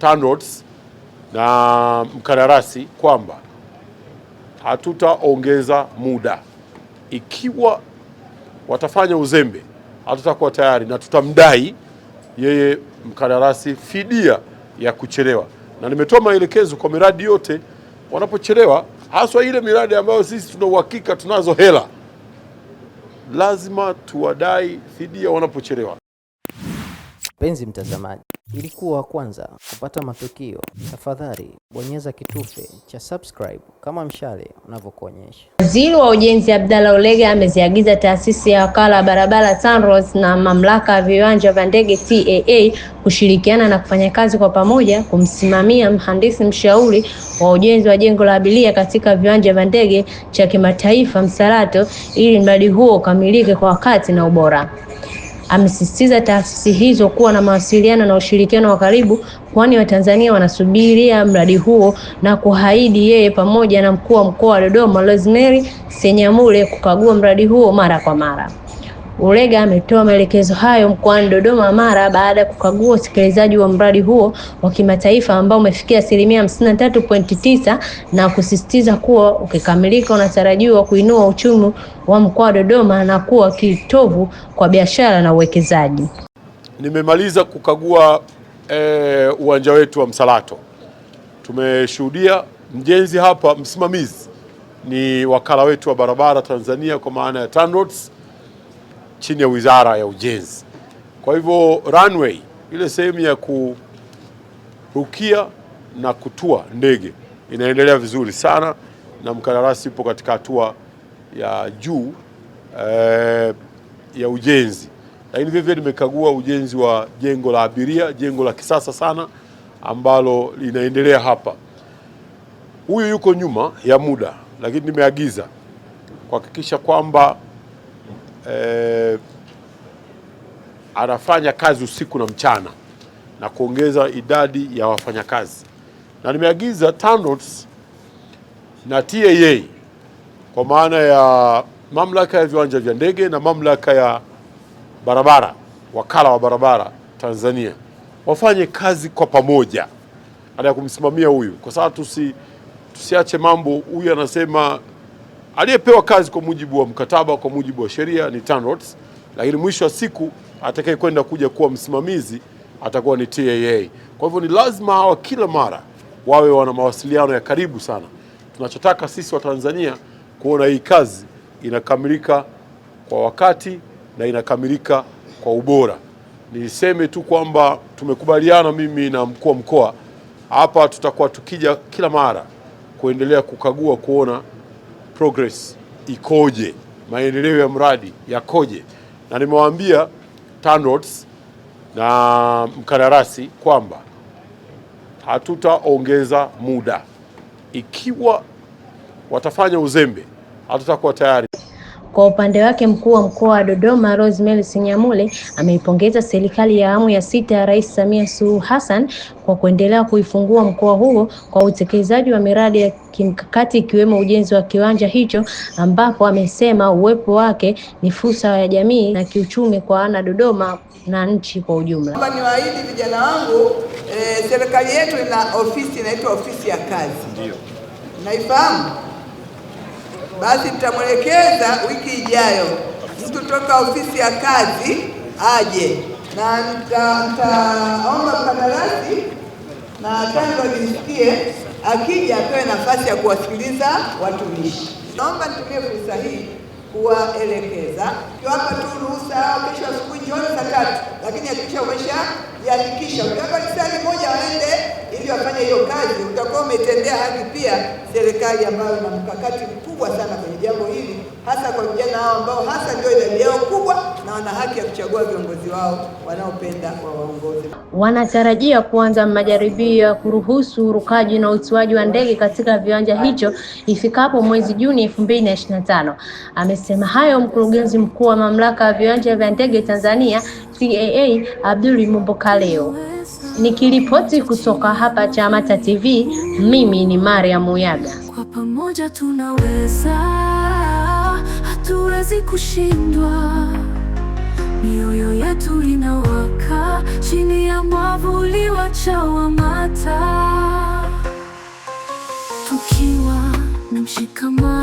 TANROADS na mkandarasi kwamba hatutaongeza muda. Ikiwa watafanya uzembe, hatutakuwa tayari na tutamdai yeye mkandarasi fidia ya kuchelewa, na nimetoa maelekezo kwa miradi yote, wanapochelewa haswa ile miradi ambayo sisi tuna uhakika tunazo hela, lazima tuwadai fidia wanapochelewa. Mpenzi mtazamaji, ili kuwa wa kwanza kupata matukio, tafadhali bonyeza kitufe cha subscribe kama mshale unavyokuonyesha. Waziri wa Ujenzi Abdalla Ulega ameziagiza taasisi ya wakala wa barabara TANROADS na mamlaka ya viwanja vya ndege TAA kushirikiana na kufanya kazi kwa pamoja kumsimamia mhandisi mshauri wa ujenzi wa jengo la abiria katika viwanja vya ndege cha kimataifa Msalato ili mradi huo ukamilike kwa wakati na ubora. Amesisitiza taasisi hizo kuwa na mawasiliano na ushirikiano wa karibu, kwani Watanzania wanasubiria mradi huo na kuahidi yeye pamoja na mkuu wa mkoa wa Dodoma Rosemary Senyamule kukagua mradi huo mara kwa mara. Ulega ametoa maelekezo hayo mkoani Dodoma mara baada ya kukagua utekelezaji wa mradi huo wa kimataifa ambao umefikia asilimia 53.9 na kusisitiza kuwa ukikamilika unatarajiwa kuinua uchumi wa mkoa wa Dodoma na kuwa kitovu kwa biashara na uwekezaji. Nimemaliza kukagua eh, uwanja wetu wa Msalato. Tumeshuhudia mjenzi hapa, msimamizi ni wakala wetu wa barabara Tanzania kwa maana ya TANROADS chini ya Wizara ya Ujenzi. Kwa hivyo runway ile sehemu ya kurukia na kutua ndege inaendelea vizuri sana na mkandarasi ipo katika hatua ya juu eh, ya ujenzi. Lakini vivyo nimekagua ujenzi wa jengo la abiria, jengo la kisasa sana ambalo linaendelea hapa. Huyu yuko nyuma ya muda, lakini nimeagiza kuhakikisha kwamba eh, anafanya kazi usiku na mchana na kuongeza idadi ya wafanyakazi, na nimeagiza TANROADS na TAA kwa maana ya mamlaka ya viwanja vya ndege na mamlaka ya barabara, wakala wa barabara Tanzania, wafanye kazi kwa pamoja, ada ya kumsimamia huyu, kwa sababu tusi tusiache mambo, huyu anasema aliyepewa kazi kwa mujibu wa mkataba, kwa mujibu wa sheria ni TANROADS, lakini mwisho wa siku atakayekwenda kwenda kuja kuwa msimamizi atakuwa ni TAA. Kwa hivyo ni lazima hawa kila mara wawe wana mawasiliano ya karibu sana. Tunachotaka sisi wa Tanzania kuona hii kazi inakamilika kwa wakati na inakamilika kwa ubora. Niseme tu kwamba tumekubaliana mimi na mkuu wa mkoa hapa, tutakuwa tukija kila mara kuendelea kukagua kuona progress ikoje, maendeleo ya mradi yakoje, na nimewaambia TANROADS na mkandarasi kwamba hatutaongeza muda. Ikiwa watafanya uzembe, hatutakuwa tayari. Kwa upande wake mkuu wa mkoa wa Dodoma Rosemary Sinyamule ameipongeza serikali ya awamu ya sita ya Rais Samia Suluhu Hassan kwa kuendelea kuifungua mkoa huo kwa utekelezaji wa miradi ya kimkakati ikiwemo ujenzi wa kiwanja hicho ambapo amesema uwepo wake ni fursa ya jamii na kiuchumi kwa wana Dodoma na nchi kwa ujumla. Kama niwaahidi vijana wangu eh, serikali yetu ina ofisi inaitwa ofisi ya kazi. Ndio. Naifahamu? basi mtamwelekeza wiki ijayo mtu toka ofisi ya kazi aje, na mtaomba mkandarasi na tango ajisikie, akija apewe nafasi ya kuwasikiliza watumishi. Naomba nitumie fursa hii kuwaelekeza kiwapa tu ruhusa, kesho asubuhi, jioni saa tatu, lakini hakikisha umeshajiandikisha. Ukiwapa kisani moja waende hafanya hiyo kazi, utakuwa umetendea haki pia serikali ambayo ina mkakati mkubwa sana kwenye jambo hili, hasa kwa vijana hao ambao hasa ndio idadi yao kubwa na wana haki ya kuchagua viongozi wao wanaopenda wawaongoze. Wanatarajia kuanza majaribio ya kuruhusu urukaji na utuaji wa ndege katika viwanja hicho ifikapo mwezi Juni 2025. Amesema hayo mkurugenzi mkuu wa mamlaka ya viwanja vya ndege Tanzania TAA Abdul Mumbo Kaleo. Nikiripoti kutoka hapa Chamata TV, mimi ni Maria Muyaga. Kwa pamoja tunaweza, hatuwezi kushindwa. Mioyo yetu inawaka chini ya mwavuli wa CHAWAMATA, tukiwa na mshikamano